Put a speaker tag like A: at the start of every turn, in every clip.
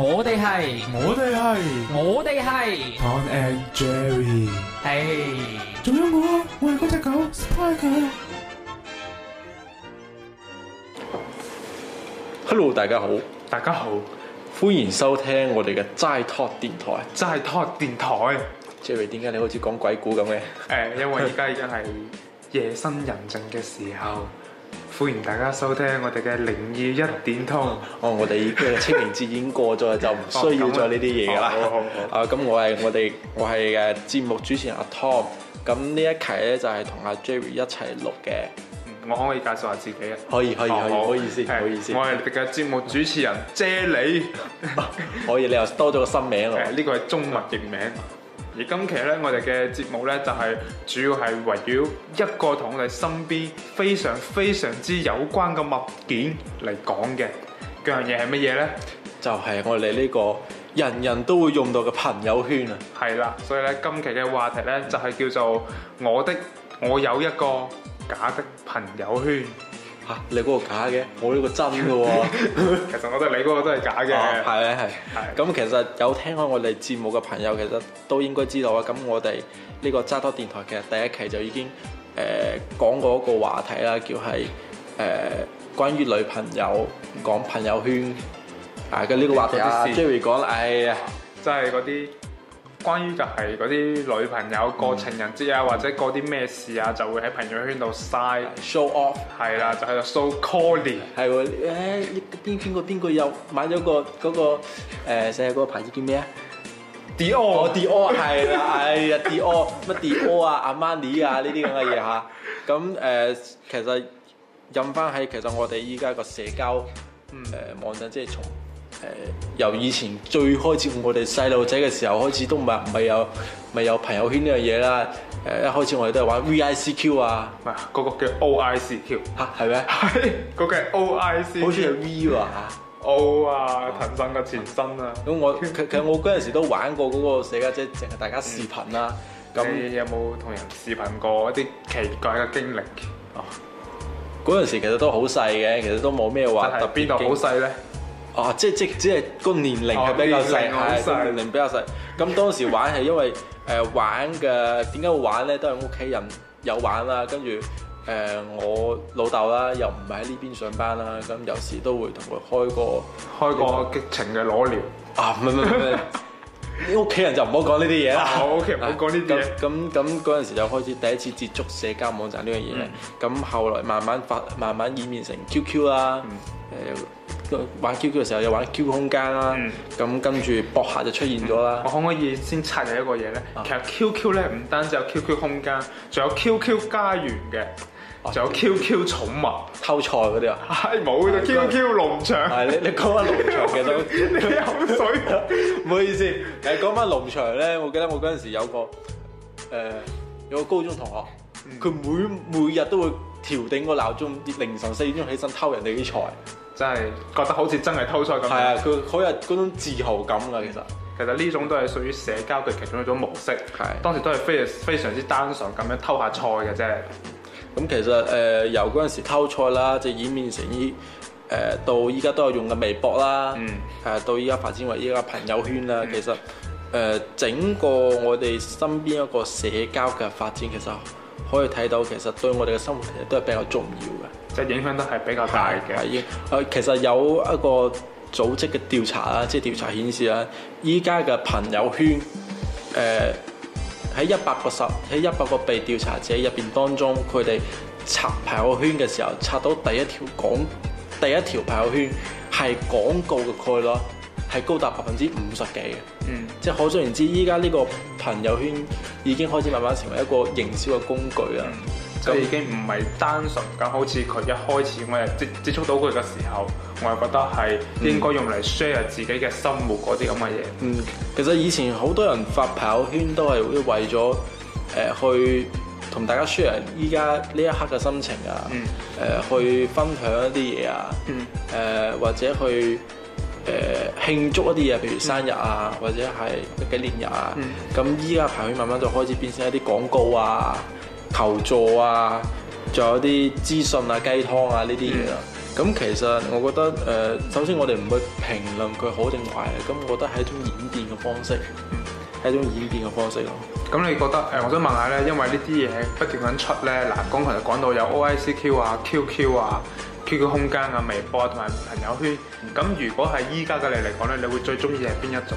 A: 我哋
B: 係，我哋係，我哋係。Tom and Jerry，係。仲有我，我係嗰隻狗。
A: Hello，大家好，大家好，歡迎收聽我哋嘅齋 TALK 電台。齋 TALK 電台。Jerry，點解你好似講鬼故咁
B: 嘅？誒，因為而家已經係夜深人靜嘅時候。歡迎大家收聽我哋嘅靈異一
A: 點通。哦，我哋已經清明節已經過咗，就唔需要再呢啲嘢啦。好好好，啊，咁我係我哋我係嘅節目主持人阿 Tom。咁呢一期咧就係同阿 Jerry 一齊錄嘅。我可唔可以介紹下自己啊？可以可以可以，唔好意思
B: 唔好意思，我係嘅節目主持人 Jerry。可以，你又多咗個新名喎。呢個係中文譯名。而今期咧，我哋嘅節目咧就係主要係圍繞一個同我哋身邊非常非常之有關嘅物件嚟講嘅。個樣嘢係乜嘢呢？就係我哋呢個人人都會用到嘅朋友圈啊！係啦，所以咧今期嘅話題咧就係叫做我的我有一個假的朋友圈。嚇、啊！你
A: 嗰個假嘅，我呢個真嘅喎、啊。 其實我覺得你嗰、那個都係假嘅。係啊係。係。咁其實有聽開我哋節目嘅朋友，其實都應該知道啊。咁我哋呢個齋 TALK 電台其實第一期就已經誒、呃、講過一個話題啦，叫係誒、呃、關於女朋友講朋友圈、嗯、啊嘅呢個話題啊。啊 Jerry
B: 講，哎、嗯、呀，即係啲。嗯就是關於就係嗰啲女朋友過情人節啊，嗯、或者過啲咩事啊，嗯、就會喺朋友圈度晒，show off，係啦，就喺度 show
A: calling 係喎，誒邊邊個邊個又買咗個嗰、嗰個誒成、呃嗰個牌子叫咩啊？Dior，Dior，係啦，係啊，Dior 乜 Dior 啊，Armani 啊，呢啲咁嘅嘢吓。咁誒、啊呃，其實引翻喺其實我哋依家個社交誒網上即係從。誒、呃，由以前最開始我哋細路仔嘅時候開始都，都唔係唔係有唔係有朋友圈呢樣嘢啦。誒、呃，一開始我哋都係玩 VICQ 啊，嗰、嗰個叫 OICQ 吓，係咩？係嗰個 OICQ，好似係 V 哇，O 啊，騰訊嘅前身啊。咁我其實我嗰陣時都玩過嗰個社交即淨係大家視頻啦、啊。咁、嗯、那你有冇同人視頻過一啲奇怪嘅經歷？嗰陣時其實都好細嘅，其實都冇咩話特別。邊度好細咧？哦、啊，即即係個年齡係比較細，個年，年齡比較細。咁當時玩係因為誒、 呃、玩嘅點解會玩咧？都係屋企人有玩啦、啊，跟住誒我老豆啦，又唔喺呢邊上班啦，咁、嗯、有時都會同佢開、嗰個開個激情嘅裸聊啊！屋企 人就唔好講呢啲嘢啦。屋企人唔好講呢啲嘢。咁咁咁嗰陣時就開始第一次接觸社交網站呢樣嘢。咁後來慢慢發，慢慢演變成 QQ 啦、啊，誒、嗯。呃玩 QQ 嘅時候，又玩 QQ 空間啦，咁、嗯、跟住博客就出現咗啦。我可唔可以先插入一個嘢咧？啊、其實 QQ 咧唔單止有 QQ
B: 空間，仲有 QQ 家園嘅，仲、啊、有 QQ 寵物偷菜嗰
A: 啲啊。係冇嘅 QQ 農場係、哎、你你講返農場嘅，實 你口水啊，唔好意思。誒講翻農場咧，我記得我嗰陣時有個誒、呃、有個高中同學，佢每每日都會調定個鬧鐘，凌晨四點鐘起身偷人哋啲菜。真係覺得好似真係偷菜咁，係啊！佢好有嗰種自豪
B: 感㗎。其實其實呢種都係屬於社交嘅其中一種模式。係是當時都係非常非常之單
A: 純咁樣偷下菜嘅啫。咁其實誒由嗰陣時偷菜啦，即係演變成依誒到依家都有用嘅微博啦，誒、呃、到依家發展為依家朋友圈啦。嗯、其實誒、呃、整個我哋身邊一個社交嘅發展其實。可以睇到，其實對我哋嘅生活其實亦都係比較重要嘅，即係影響都係比較大嘅。誒，其實有一個組織嘅調查啦，即係調查顯示啦，依家嘅朋友圈，誒、呃、喺一百個十喺一百個被調查者入邊當中，佢哋刷朋友圈嘅時候，刷到第一條廣，第一條朋友圈係廣告嘅概率。係高達百分之五十幾嘅，嗯，即係可想而知。依家呢個朋友圈已經開始慢慢成為一個營銷嘅工具啦，嗯、就已經唔係單純咁好似佢一開始我哋接
B: 接觸到佢嘅時候，我係覺得係應該用嚟 share 自己嘅生活嗰啲咁
A: 嘅嘢。嗯，其實以前好多人發朋友圈都係為咗誒、呃、去同大家 share 依家呢一刻嘅心情啊，誒、嗯呃、去分享一啲嘢啊，誒、嗯呃、或者去。誒、呃、慶祝一啲嘢，譬如生日啊，或者係紀念日啊。咁依家朋友圈慢慢就開始變成一啲廣告啊、求助啊，仲有啲資訊啊、雞湯啊呢啲嘢啦。咁、啊嗯嗯、其實我覺得誒、呃，首先我哋唔會評論佢好定壞，咁我覺得係一種演變嘅方式，係、嗯、一種演變嘅方式咯、啊。
B: 咁你覺得誒、呃？我想問，問下咧，因為呢啲嘢不斷咁出咧，嗱、呃、剛才講到有 OICQ 啊、QQ 啊。QQ 空間啊、微博啊同埋朋友圈，咁如果係依家嘅你嚟講咧，你會最中意係邊一
A: 種？誒、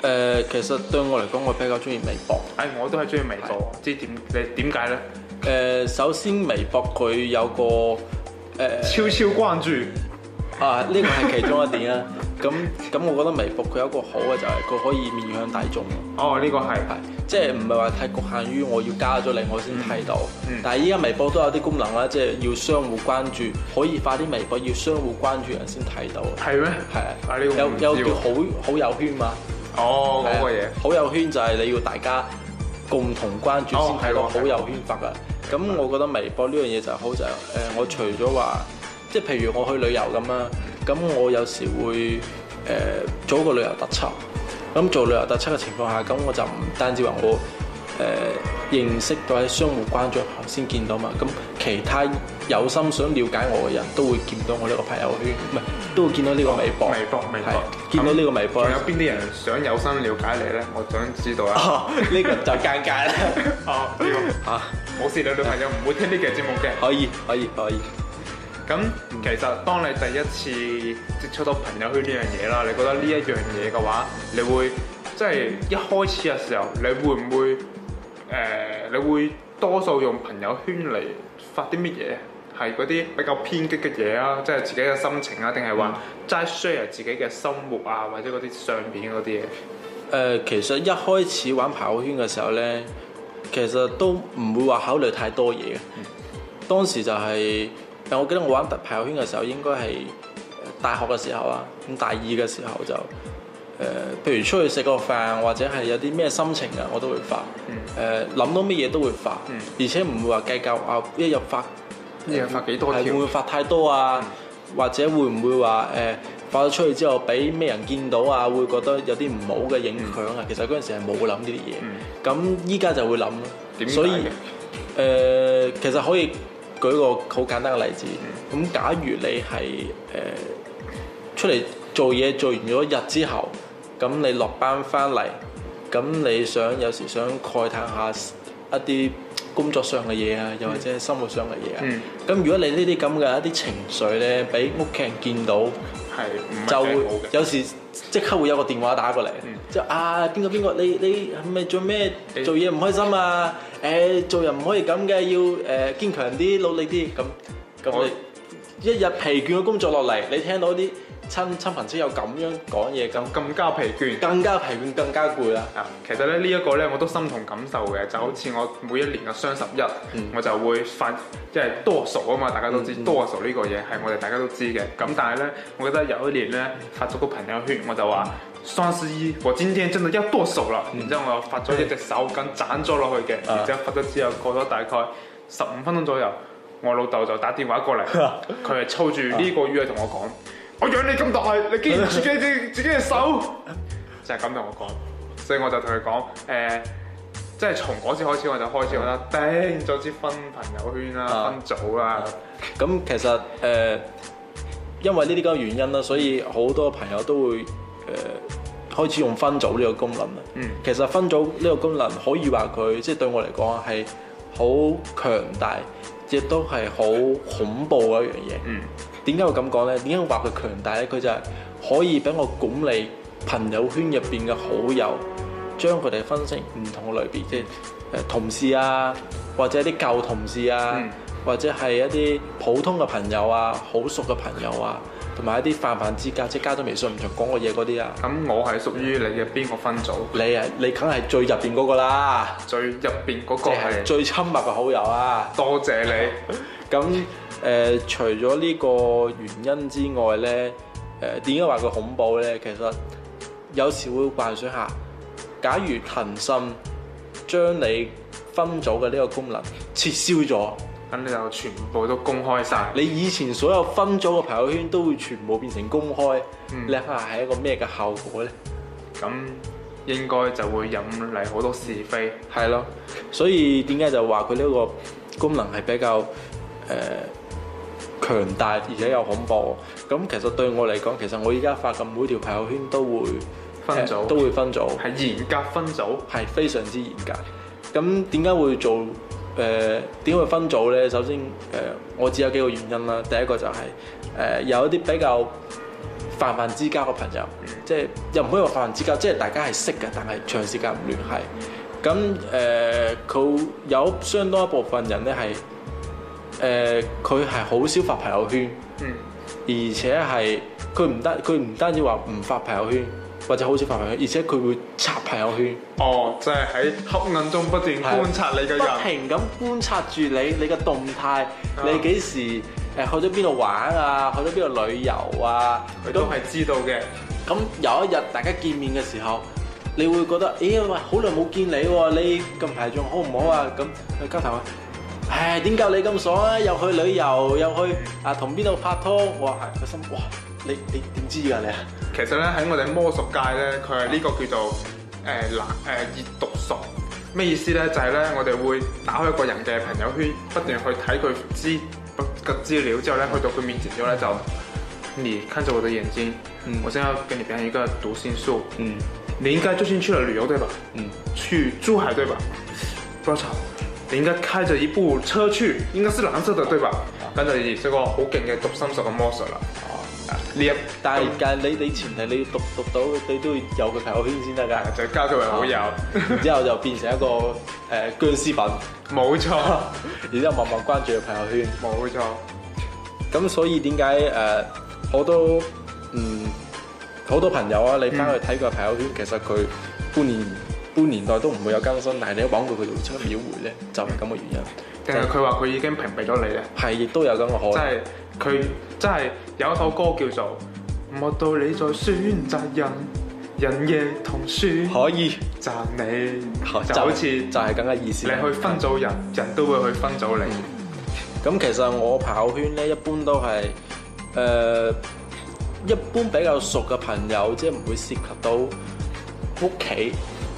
A: 呃，其實對我嚟講，我比較中意微博。誒、哎，我都係中意微博，是即係點？你點解咧？誒、呃，首先微博佢有個誒、嗯呃、超超關注。啊，呢個係其中一點啦。咁咁，我覺得微博佢有一個好嘅就係佢可以面向大眾。哦，呢個係係，即係唔係話太局限於我要加咗你我先睇到。但係依家微博都有啲功能啦，即係要相互關注，可以發啲微博要相互關注人先睇到。係咩？係啊，有有叫好好友圈嘛？哦，嗰個嘢。好友圈就係你要大家共同關注先睇到好友圈發噶。咁我覺得微博呢樣嘢就係好就係誒，我除咗話。即係譬如我去旅遊咁啦，咁我有時會誒、呃、做一個旅遊特輯。咁做旅遊特輯嘅情況下，咁我就唔單止話我誒、呃、認識到喺相互關注後先見到嘛。咁其他有心想了解我嘅人都會見到我呢個朋友圈，唔係都會見到呢個微博、哦。微博，微博，見到呢個微博。仲有
B: 邊啲人想有心了解你咧？我想知道啊。呢、 哦這個就尷尬。哦，吓，冇事，老女 朋友唔會聽呢期節目嘅。可以，可以，可以。咁其實當你第一次接觸到朋友圈呢樣嘢啦，你覺得呢一樣嘢嘅話，你會即係、嗯、一開始嘅時候，你會唔會誒、呃？你會多數用朋友圈嚟發啲乜嘢？係嗰啲比較偏激嘅嘢啊，即係自己嘅心情啊，定係話齋 share 自己嘅生活啊，或者嗰啲相
A: 片嗰啲嘢？誒、呃，其實一開始玩朋友圈嘅時候咧，其實都唔會話考慮太多嘢嘅，嗯、當時就係、是。但我記得我玩朋友圈嘅時、時候，應該係大學嘅時候啊，咁大二嘅時候就、呃、譬如出去食個飯，或者係有啲咩心情啊，我都會發。誒諗、嗯呃、到乜嘢都會發，嗯、而且唔會話計較啊，一日發、啊、一日發幾多條，會唔會發太多啊？嗯、或者會唔會話誒、呃、發咗出去之後，俾咩人見到啊？會覺得有啲唔好嘅影響啊？嗯、其實嗰陣時係冇諗呢啲嘢，咁依家就會諗啦。嗯、所以誒、呃，其實可以。舉個好簡單嘅例子，咁假如你係誒出嚟做嘢，做完咗一日之後，咁你落班翻嚟，咁你想有時想慨嘆下一啲工作上嘅嘢啊，又或者係生活上嘅嘢啊，咁如果你呢啲咁嘅一啲情緒呢，俾屋企人見到，係就會有時即刻會有個電話打過嚟，即係啊，邊個邊個，你你係咪做咩做嘢唔開心啊？誒、呃、做人唔可以咁嘅，要誒堅強啲，努力啲，咁咁我一日疲倦嘅工作落嚟，你聽到啲親親朋戚友咁樣講嘢，咁更，更，更加疲倦，更加疲倦，更加攰啦。啊，其實咧呢一、這個咧，我都心同感受嘅，就好似我
B: 每一年嘅雙十一，嗯、我就會發，即係剁手啊嘛，大家都知、嗯嗯、剁手呢個嘢係我哋大家都知嘅。咁但係咧，我記得有一年咧發咗個朋友圈，我就話雙、嗯、十一我今天真係、嗯、一剁手啦、嗯。然後之後我又發咗一隻手咁斬咗落去嘅，然之後發咗之後過咗大概十五分鐘左右，我老豆就打電話過嚟，佢係操住呢個語氣同我講。 我養你咁大，你竟然自己只自己嘅手， 就係咁同我講。所以我就同佢講，誒、呃，即係從嗰時開始我就開始
A: 啦，訂咗支分朋友圈啦、啊，分組啦、啊。咁、啊嗯、其實誒、呃，因為呢啲咁嘅原因啦，所以好多朋友都會誒、呃、開始用分組呢個功能啦。嗯。其實分組呢個功能可以話佢即係對我嚟講係好強大，亦都係好恐怖嘅一樣嘢。嗯。點解會咁講呢？點解話佢強大呢？佢就係可以俾我管理朋友圈入邊嘅好友，將佢哋分成唔同嘅類別，即係，同事啊，或者啲舊同事啊，或者係一啲普通嘅朋友啊，好熟嘅朋友啊，同埋一啲泛泛之交，即係加咗微信唔同講過嘢嗰啲啊。咁我係屬於你嘅邊個分組？你啊，你梗係最入邊嗰個啦，最入邊嗰個係最親密嘅好友啊！多謝你。咁。呃、除咗呢個原因之外呢，誒，點解話佢恐怖呢？其實有時會幻想下，假如騰訊將你分組嘅呢個功能撤銷咗，咁你就全部都公開晒。你以前所有分組嘅朋友圈都會全部變成公開，嗯、你睇下係一個咩嘅效果呢？咁、嗯、應該就會引嚟好多是非。係咯，所以點解就話佢呢個功能係比較誒，呃強大而且又恐怖，咁其實對我嚟講，其實我依家發嘅每條朋友圈都會分組、呃，都會分組，係嚴格分組，係非常之嚴格。咁點解會做誒點解、呃、會分組呢？首先誒、呃，我只有幾個原因啦。第一個就係、是、誒、呃、有一啲比較泛泛之交嘅朋友，即、就、係、是、又唔可以話泛泛之交，即、就、係、是、大家係識嘅，但係長時間唔聯繫。咁誒佢有相當一部分人咧係。誒，佢係好少發朋友圈，嗯，而且係佢唔單佢唔單止話唔發朋友圈，或者好少發朋友圈，而且佢會刷朋友圈。哦，就係喺黑暗中不斷觀察你嘅人，不停咁觀察住你你嘅動態，嗯、你幾時誒、呃、去咗邊度玩啊？去咗邊度旅遊啊？佢都係知道嘅。咁有一日大家見面嘅時候，你會覺得，咦、欸，喂，好耐冇見你喎！你近排仲好唔好啊？咁去、嗯、交頭啊！唉，點解你咁爽啊？又去旅遊，又去啊，同邊度拍拖？我話係個心，的哇！你你點知噶你啊？其實咧喺我哋魔術
B: 界咧，佢係呢個叫做誒冷誒熱讀術，咩、呃呃、意思咧？就係、是、咧我哋會打開一個人嘅朋友圈，不斷去睇佢知，不嘅資料之後咧，去到佢面前之後咧，就你看着我的眼睛，嗯、我想要跟你表演一個讀心術，嗯，你應該最先出嚟旅遊對吧？嗯，去珠海對吧？多操！你應該開着一部車去，應該是藍色的對吧？跟住，你這個好勁嘅讀心
A: 術嘅魔術啦。哦，但係是、嗯、但係你你前提你要讀讀到，你都要有個朋友圈先得噶，就加佢為好友，嗯、然之後就變成一個誒、呃、僵屍粉。冇錯錯， 然之後默默關注個朋友圈。冇錯錯。咁所以點解誒好多嗯好多朋友啊，你翻去睇佢朋友圈， 其實佢半年。半年代都唔會有更新，但係你一講到佢出秒回咧，就係咁嘅原因。定係佢話佢已經屏蔽咗你咧？係、就係，亦都有咁嘅可能。即係佢，
B: 即係、就係、有一首歌叫做《莫道你在選擇人，嗯、人亦同選》。可以，讚你。好就，就好似就係咁嘅意思。你去分組
A: 人，人都會去分組你。咁、嗯、其實我跑圈咧，一般都係誒、呃，一般比較熟嘅朋友，即係唔會涉及到屋企。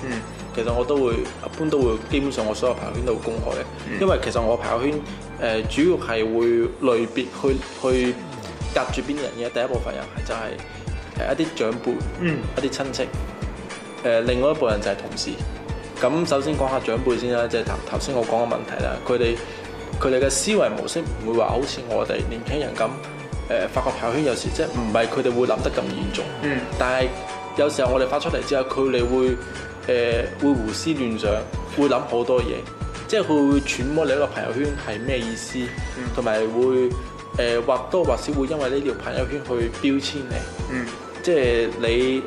A: 嗯，其實我都會，一般都會，基本上我所有朋友圈都會公開嘅。嗯、因為其實我朋友圈誒、呃、主要係會類別去去夾住邊人嘅，第一部分人就係誒一啲長輩，一啲親、嗯、戚，誒、呃、另外一部分人就係同事。咁首先講下長輩先啦，即係頭頭先我講嘅問題啦，佢哋佢哋嘅思維模式唔會話好似我哋年輕人咁，誒、呃、發個朋友圈有時即係唔係佢哋會諗得咁嚴重，嗯、但係有時候我哋發出嚟之後，佢哋會。誒在內心會胡思亂想，會諗好多嘢，即係佢會揣摩你一個朋友圈係咩意思，同埋、嗯、會誒、呃、或多或少會因為呢條朋友圈去標籤你，即係、嗯、你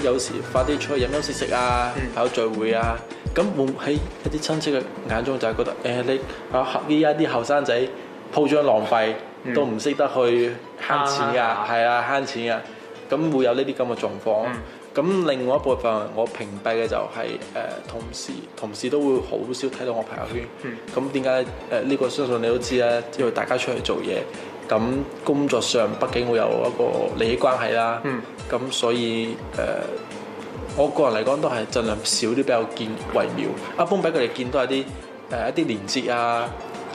A: 誒有時發啲出去飲飲食食啊，搞聚、嗯、會啊，咁會喺一啲親戚嘅眼中就係覺得誒、呃、你、嗯、得啊，依家啲後生仔鋪張浪費，都唔識得去慳錢㗎，係啊慳錢㗎，咁會有呢啲咁嘅狀況。嗯咁另外一部分我屏蔽嘅就係、是、誒、呃，同事同事都會好少睇到我朋友圈。咁點解？誒呢、呃這個相信你都知啦，嗯、因為大家出去做嘢，咁工作上畢竟會有一個利益關係啦。咁、嗯、所以誒、呃，我個人嚟講都係盡量少啲比較見為妙。嗯、一般俾佢哋見都係啲誒一啲連接啊，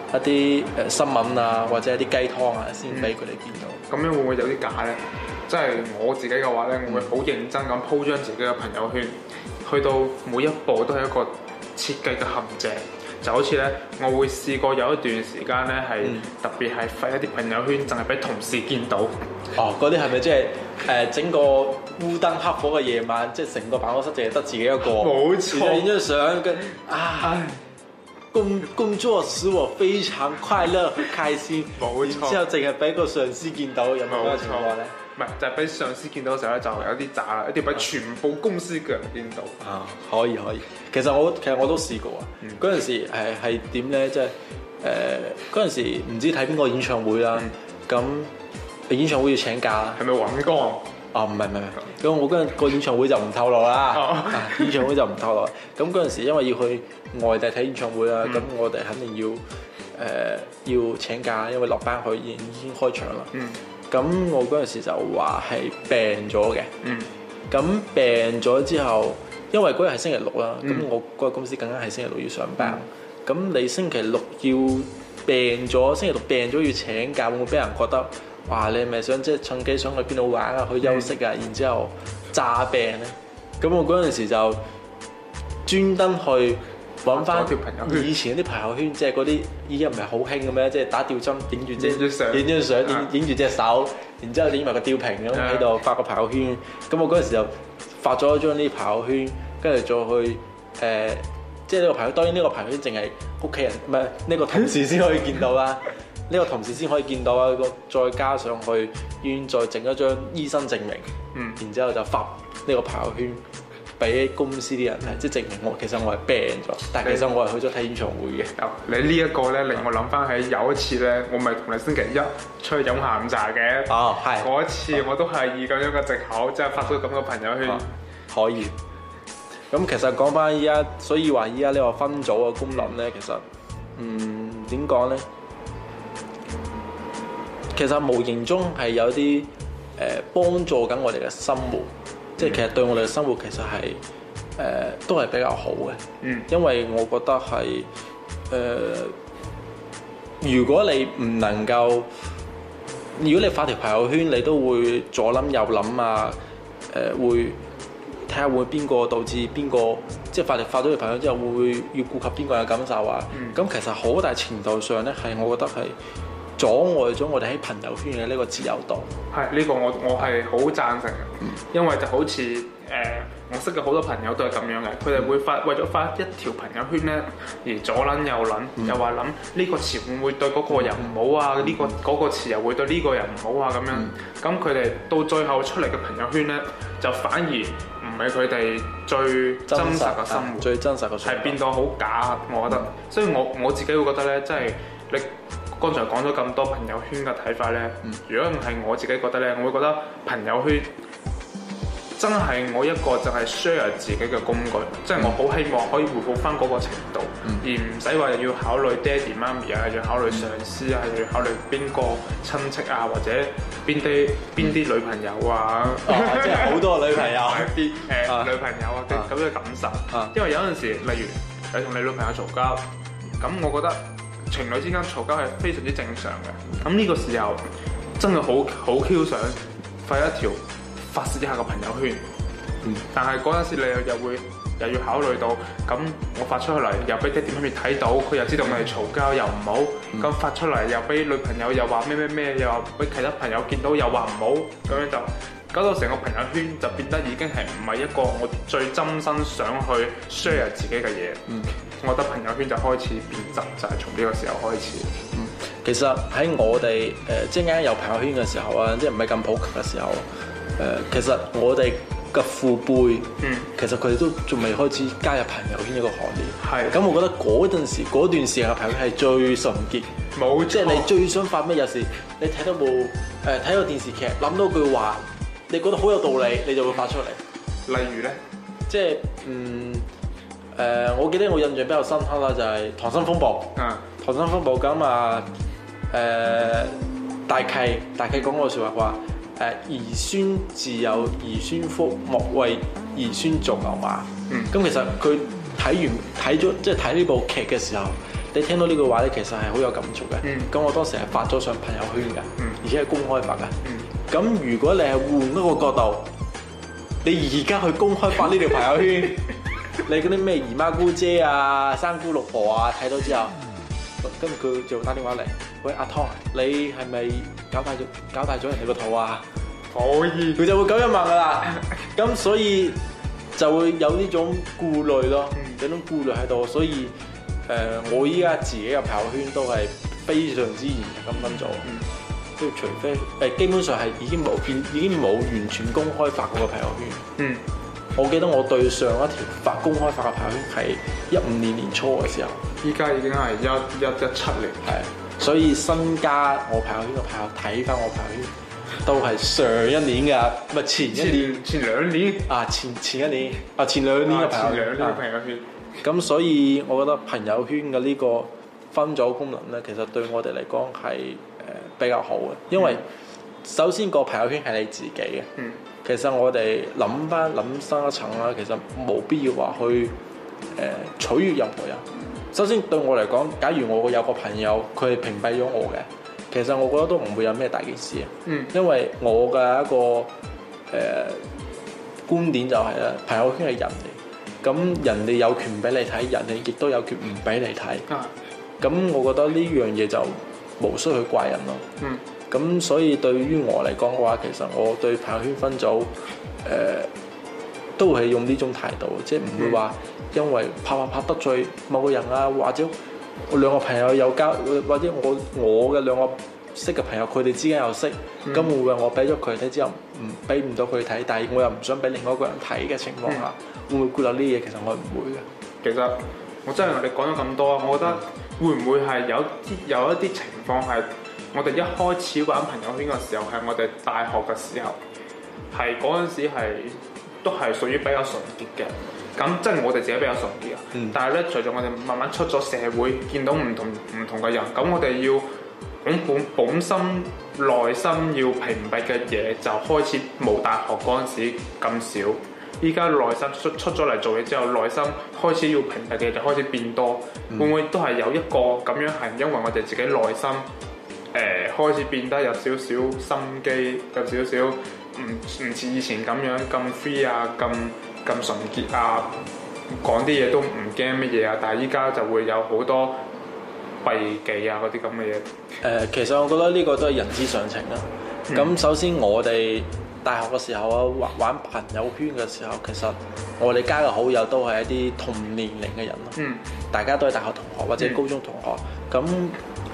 A: 一啲誒、呃、新聞啊，或者一啲雞湯啊先俾佢哋見到。咁、嗯、樣會唔會有啲假呢？即係我自己嘅話咧，我會好認真咁鋪張
B: 自己嘅朋友圈，去到每一步都係一個設計嘅陷阱。就好似咧，我會試過有一段時間咧，係特別係發一啲朋友圈，淨係俾
A: 同事見到。哦，嗰啲係咪即係誒整個烏燈黑火嘅夜晚，即係成個辦公室淨係得自己一個，冇錯。影張相跟啊，工、哎、工作使我非常快樂開心，冇錯。然之後淨係俾個上司見到，有冇呢個情況咧？唔係，就係、是、俾上司見到嘅時候咧，就係有啲渣啦。一定要全部
B: 公司嘅人見到。
A: 啊，可以可以。其實我其實我都試過啊。嗰陣、嗯、時係係點咧？即係誒嗰陣時唔知睇邊個演唱會啦。咁、嗯、演唱會要請假。係咪揾工啊？啊，唔係唔係唔係。咁我嗰陣個演唱會就唔透露啦、 啊。演唱會就唔透露。咁嗰陣時因為要去外地睇演唱會啦，咁、嗯、我哋肯定要誒、呃、要請假，因為落班去已經開場啦。嗯。咁我嗰陣時就話係病咗嘅，咁、嗯、病咗之後，因為嗰日係星期六啦，咁、嗯、我嗰公司更加係星期六要上班，咁、嗯、你星期六要病咗，星期六病咗要請假，會唔會俾人覺得，哇，你係咪想即係趁機想去邊度玩啊，去休息啊，嗯、然之後詐病咧？咁我嗰陣時就專登去。揾翻以前嗰啲朋友圈，即係嗰啲依家唔係好興嘅咩？即係打吊針，影住隻影住相，影住隻手，然之後影埋個吊瓶咁喺度發個朋友圈。咁、啊、我嗰陣時候就發咗一張呢啲朋友圈，跟住再去誒、呃，即係呢個朋友圈。當然呢個朋友圈淨係屋企人，唔係呢個同事先可以見到啦。呢 個同事先可以見到啦。再加上去，醫院再整一張醫生證明，嗯，然之後就發呢個朋友圈。俾公司啲人睇，即係證明我其實我係病咗，但係其實我係去咗睇演唱
B: 會嘅。你呢一個咧令我諗翻起有一次咧，我咪同你星期一出去飲下午茶嘅。哦，係。嗰一次我都係以咁樣嘅藉口，即係發咗咁嘅朋友圈。哦、
A: 可以。咁其實講翻依家，所以話依家呢個分組嘅功能咧，其實嗯點講咧？其實無形中係有啲誒、呃、幫助緊我哋嘅生活。即係其實對我哋嘅生活其實係誒、呃、都係比較好嘅，嗯、因為我覺得係誒、呃、如果你唔能夠，如果你發條朋友圈，你都會左諗右諗啊，誒、呃、會睇下會邊個導致邊個，即係發條發咗條朋友圈之後會唔會要顧及邊個嘅感受啊。咁、嗯、其實好大程度上咧，係我覺得係。阻礙咗我哋喺朋友圈嘅呢個自由度，係呢個我我係好贊成嘅，因為就好似誒
B: 我識嘅好多朋友都係咁樣嘅，佢哋會發為咗發一條朋友圈呢，而左諗右諗，又話諗呢個詞會唔會對嗰個人唔好啊，呢個嗰個詞又會對呢個人唔好啊咁樣，咁佢哋到最後出嚟嘅朋友圈呢，就反而唔係佢哋最真實嘅生活，最真實嘅係變到好假，我覺得，所以我我自己會覺得呢，即係你。剛才講咗咁多朋友圈嘅睇法呢，如果唔係我自己覺得呢，我會覺得朋友圈真係我一個就係 share 自己嘅工具，即係我好希望可以回覆翻嗰個程度，而唔使話要考慮爹哋媽咪啊，要考慮上司啊，要考慮邊個親戚啊，或者邊啲邊啲女朋友啊，即係好多女朋友啲女朋友啊咁嘅感受。因為有陣時，例如你同你女朋友嘈交，咁我覺得。情侶之間嘈交係非常之正常嘅，咁呢個時候真係好好 Q 想發一條發泄一下嘅朋友圈，嗯、但係嗰陣時你又又會又要考慮到，咁我發出嚟又俾爹哋媽咪睇到，佢又知道我哋嘈交又唔好，咁、嗯、發出嚟又俾女朋友又話咩咩咩，又話俾其他朋友見到又話唔好，咁樣就。搞到成個朋友圈就變得已經係唔係一個我最真心想去 share 自己嘅嘢，我覺得朋友圈就開始
A: 變質，就係從呢個時候開始。嗯、其實喺我哋誒、呃、即係啱啱有朋友圈嘅時候啊，即係唔係咁普及嘅時候誒、呃，其實我哋嘅父輩，嗯、其實佢哋都仲未開始加入朋友圈呢個行列。咁是的 我覺得嗰陣時嗰段時間嘅朋友圈係最純潔，冇沒錯 即係你最想發咩？有時你睇到部誒睇個電視劇，諗到句話。你覺得好有道理，你就會發出嚟。例如呢，即係嗯誒、呃，我記得我印象比較深刻啦，就係、是《溏心、嗯、風暴》啊、呃，《溏心風暴》咁啊誒大契大契講個説話話誒、呃、兒孫自有兒孫福，莫為兒孫做牛馬。嗯，咁其實佢睇完睇咗即係睇呢部劇嘅時候，你聽到呢句話咧，其實係好有感觸嘅。嗯，咁我當時係發咗上朋友圈嘅，嗯、而且係公開發嘅，嗯咁如果你係換一個角度，你而家去公開發呢條朋友圈， 你嗰啲咩姨媽姑姐啊、三姑六婆啊睇到之後，跟住佢就打電話嚟，喂阿湯，你係咪搞大咗搞大咗人哋個肚啊？可以意，佢就會咁樣問噶啦。咁所以就會有呢種顧慮咯，有種顧慮喺度。所以誒、呃，我依家自己嘅朋友圈都係非常之嚴謹咁咁做。嗯即係除非，誒、呃、基本上係已經冇變，已經冇完全公開發嗰個朋友圈。嗯，我記得我對上一條發公開發嘅朋友圈係一五年年初嘅時候，依家已經係一一一七年，係，所以新加我朋友圈嘅朋友睇翻我朋友圈都係上一年㗎，唔係前一年、前，前兩年啊，前前一年啊，前兩年嘅朋友，前兩年嘅朋友圈。咁、啊、所以，我覺得朋友圈嘅呢個分組功能咧，其實對我哋嚟講係。比較好嘅，因為首先個朋友圈係你自己嘅、嗯。其實我哋諗翻諗深一層啦，其實冇必要話去、呃、取悅任何人。首先對我嚟講，假如我有個朋友佢係屏蔽咗我嘅，其實我覺得都唔會有咩大件事啊。嗯、因為我嘅一個誒、呃、觀點就係、係、啦，朋友圈係人嚟，咁人哋有權俾你睇，人哋亦都有權唔俾你睇。咁、啊、我覺得呢樣嘢就～無需去怪人咯。嗯。咁所以對於我嚟講嘅話，其實我對朋友圈分組誒、呃、都係用呢種態度，即係唔會話因為怕怕怕得罪某個人啊，或者我兩個朋友有交，或者我我嘅兩個識嘅朋友，佢哋之間又識，咁、嗯、會唔會我俾咗佢睇之後唔俾唔到佢睇，但係我又唔想俾另外一個人睇嘅情況下，嗯、會唔會顧慮呢啲嘢？其實我係唔會嘅。其實我真係同你講咗咁多，我覺得
B: 會唔會係有啲有一啲情？講係我哋一開始玩朋友圈嘅時候，係我哋大學嘅時候，係嗰陣時係都係屬於比較純潔嘅，咁即係我哋自己比較純潔啊。但係咧，隨住我哋慢慢出咗社會，見到唔同唔同嘅人，咁我哋要本本本身內心要屏蔽嘅嘢，就開始冇大學嗰陣時咁少。依家內心出出咗嚟做嘢之後，內心開始要平衡嘅就開始變多，嗯、會唔會都係有一個咁樣係因為我哋自己內心誒、嗯呃、開始變得有少少心機，有少少唔唔似以前咁樣咁 free 啊，咁咁純潔啊，講啲嘢都唔驚乜嘢啊，但係依家就會有好多
A: 避忌啊嗰啲咁嘅嘢。誒、呃，其實我覺得呢個都係人之常情啦。咁首先我哋。嗯大學嘅時候啊，玩朋友圈嘅時候，其實我哋加嘅好友都係一啲同年齡嘅人咯。嗯，大家都係大學同學或者高中同學。咁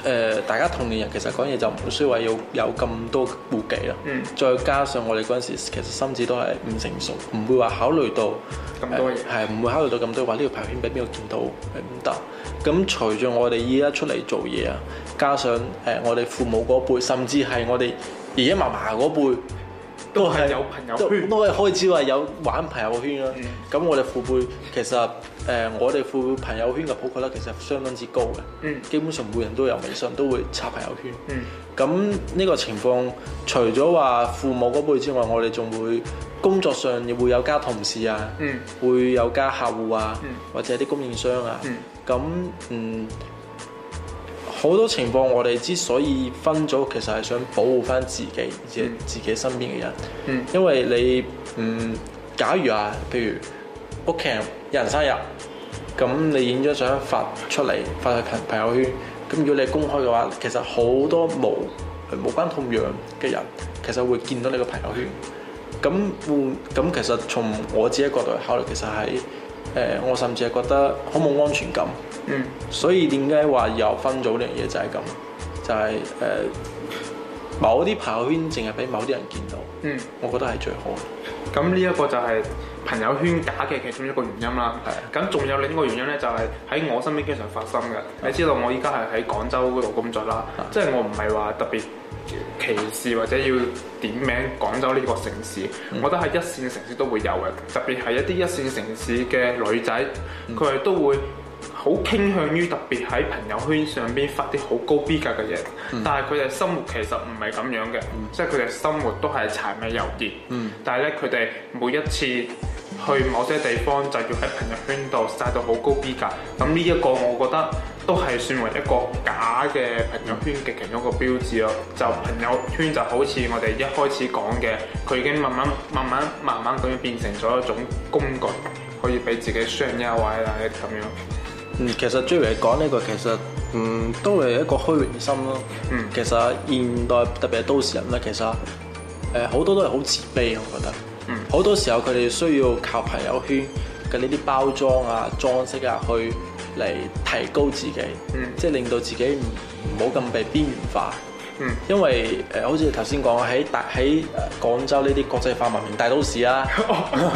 A: 誒，大家同年人其實講嘢就唔需要話要有咁多顧忌啦。嗯，再加上我哋嗰陣時其實心智都係唔成熟，唔會話考慮到咁多嘢，係唔會考慮到咁多話呢個朋友圈俾邊個見到係唔得。咁隨住我哋依家出嚟做嘢啊，加上誒我哋父母嗰輩，甚至係我哋爺爺嫲嫲嗰輩。都係有朋友圈，都係開始話有玩朋友圈啦、啊。咁、嗯、我哋父輩其實，誒、呃、我哋父輩朋友圈嘅普及率其實相當之高嘅。嗯，基本上每人都有微信，都會刷朋友圈。嗯，咁呢個情況，除咗話父母嗰輩之外，我哋仲會工作上亦會有加同事啊，嗯、會有加客戶啊，嗯、或者啲供應商啊。嗯，咁嗯。好多情況，我哋之所以分咗，其實係想保護翻自己，亦、嗯、自己身邊嘅人。嗯、因為你，嗯，假如啊，譬如屋企人有人生日，咁你影咗相發出嚟，發去朋朋友圈，咁如果你公開嘅話，其實好多冇冇關痛癢嘅人，其實會見到你個朋友圈。咁換咁，其實從我自己角度考慮，其實係。誒，我甚至係覺得好冇安全感。嗯。所以點解話又分組呢樣嘢就係咁，就係、是、誒、呃、某啲朋友圈淨係俾某啲人見到。嗯。我覺得係最好。咁呢一個就係朋友圈
B: 假嘅其中一個原因啦。係咁，仲有另外一個原因咧，就係、是、喺我身邊經常發生嘅。的你知道我依家係喺廣州嗰度工作啦，即係的我唔係話特別。歧視或者要點名廣州呢個城市，嗯、我覺得係一線城市都會有嘅，特別係一啲一線城市嘅女仔，佢哋、嗯、都會好傾向於特別喺朋友圈上邊發啲好高逼格嘅嘢，嗯、但係佢哋生活其實唔係咁樣嘅，嗯、即係佢哋生活都係柴米油鹽，嗯、但係咧佢哋每一次去某些地方就要喺朋友圈度晒到好高逼格，咁呢一個我覺得。都係算為一個假嘅朋友圈嘅其中一個標誌咯。就朋友圈就好似我哋一開始講嘅，佢已經慢慢、慢慢、慢慢咁樣變成咗一種工
A: 具，可以俾自己雙優位啊咁樣。嗯，其實追嚟講呢個其實，嗯，都係一個虛榮心咯。嗯，其實現代特別係都市人咧，其實誒呃、好多都係好自卑，我覺得。嗯，好多時候佢哋需要靠朋友圈嘅呢啲包裝啊、裝飾啊去。嚟提高自己，嗯、即係令到自己唔唔好咁被邊緣化。嗯、因為誒、呃，好似頭先講，喺大喺廣、呃、州呢啲國際化文明大都市啦，咁、哦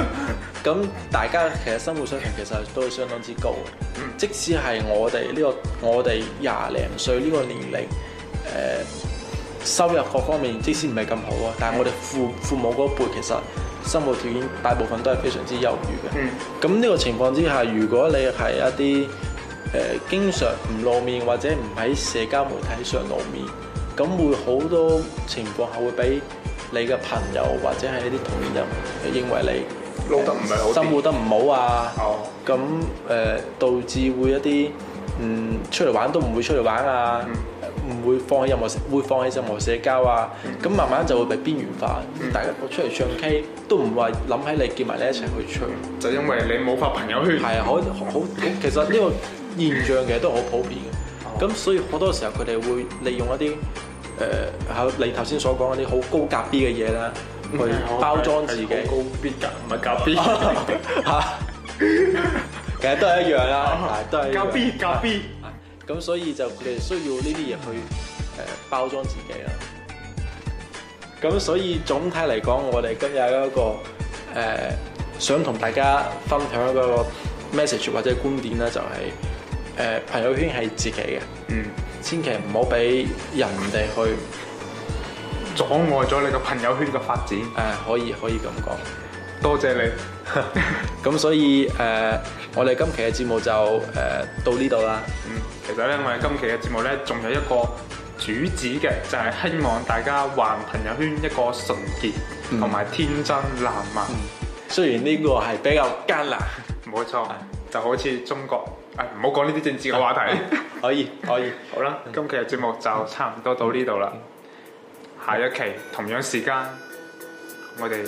A: 嗯、大家其實生活水平其實都係相當之高。嗯、即使係我哋呢、呢個我哋廿零歲呢個年齡，誒、呃、收入各方面，即使唔係咁好啊，但係我哋父、嗯、父母嗰一輩其實。生活條件大部分都係非常之優裕嘅。咁呢、嗯、個情況之下，如果你係一啲誒、呃、經常唔露面或者唔喺社交媒體上露面，咁會好多情況下會俾你嘅朋友或者係一啲同年人認為你撈得唔係好，生活得唔好啊。哦，咁誒、呃、導致會一啲。嗯，出嚟玩都唔會出嚟玩啊，唔、嗯、會放棄任何，會放棄任何社交啊。咁、嗯、慢慢就會被邊緣化。大家、嗯、出嚟唱 K，都唔會話諗起你，叫埋你一齊去吹，就因為你冇發朋友圈。係啊，好好，其實呢個現象嘅都好普遍嘅。咁、嗯、所以好多時候佢哋會利用一啲誒，係、呃、你頭先所講嗰啲好高格 B 嘅嘢啦，嗯、去包裝自己、嗯、高 B 格唔係格 B 吓。 其實都係一樣啦、啊，啊、都係夾 B 夾 B，咁所以就佢哋需要呢啲嘢去誒、呃、包裝自己啦、啊。咁所以總體嚟講，我哋今日有一個誒、呃、想同大家分享一個 message 或者觀點啦、啊，就係、是、誒、呃、朋友圈係自己嘅，嗯，千祈唔好俾人哋去阻礙咗你個朋友圈嘅發展。誒、啊，可以可以咁講。多謝你，咁 所以誒，uh, 我哋今期嘅節目就誒、uh, 到呢度啦。嗯，其實咧
B: 我哋今期嘅節目咧仲有一個主旨嘅，就係、是、希望大家還朋友圈一個純潔同埋天真爛漫。嗯、雖然呢個係比較艱難，冇錯、嗯，就好似中國，唔好講呢啲政治嘅話題。 可以，可以，好啦， 今期嘅節目就差唔多到呢度啦。嗯、下一期同樣時間，我哋。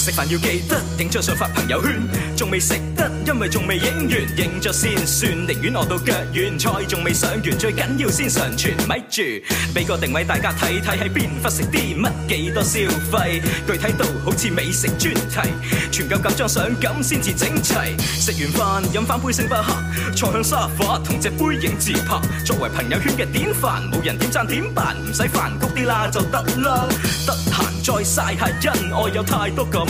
C: 食飯要記得影張相發朋友圈，仲未食得，因為仲未影完，影咗先算，寧願餓到腳軟。菜仲未上完，最緊要先上傳，咪住，俾個定位大家睇睇喺邊，忽食啲乜幾多消費，具體到好似美食專題，全夠咁張相咁先至整齊。食完飯飲翻杯星巴克，坐向沙發同隻杯影自拍，作為朋友圈嘅典範，冇人點讚點辦，唔使煩，谷啲啦就得啦，得閒再晒下，恩愛有太多咁。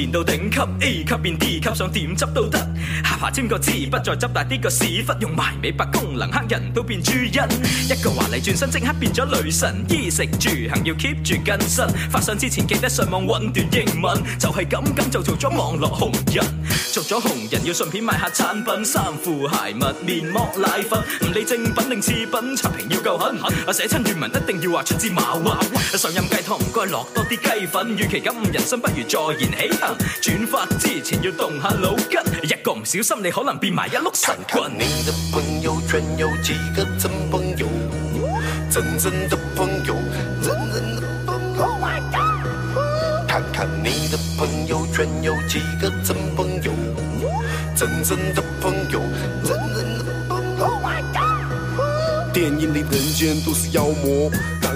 C: 練到頂級 A 級變 D 級，想點執都得。下巴尖個字，不再執大啲個屎忽，用埋美白功能，黑人都變豬人。一個華麗轉身，即刻變咗女神。衣食住行要 keep 住更新，發相之前記得上網揾段英文。就係咁咁就做咗網絡紅人。做咗紅人要順便賣下產品，衫褲鞋襪、面膜、奶粉，唔理正品定次品，差評要夠狠。啊，寫親原文一定要話出啲馬話。上飲雞湯唔該落多啲雞粉，與其咁，人生不如再燃起。轉發之前要動下腦筋，一個唔小心你可能變埋一碌神棍。看看你的朋友圈有幾個真朋友？
D: 真正的朋友，真正的朋友。Oh my God. 看看你的朋友圈有幾個真朋友？真正的朋友，真正的朋友。朋友 oh my God. 電影裡人間都是妖魔。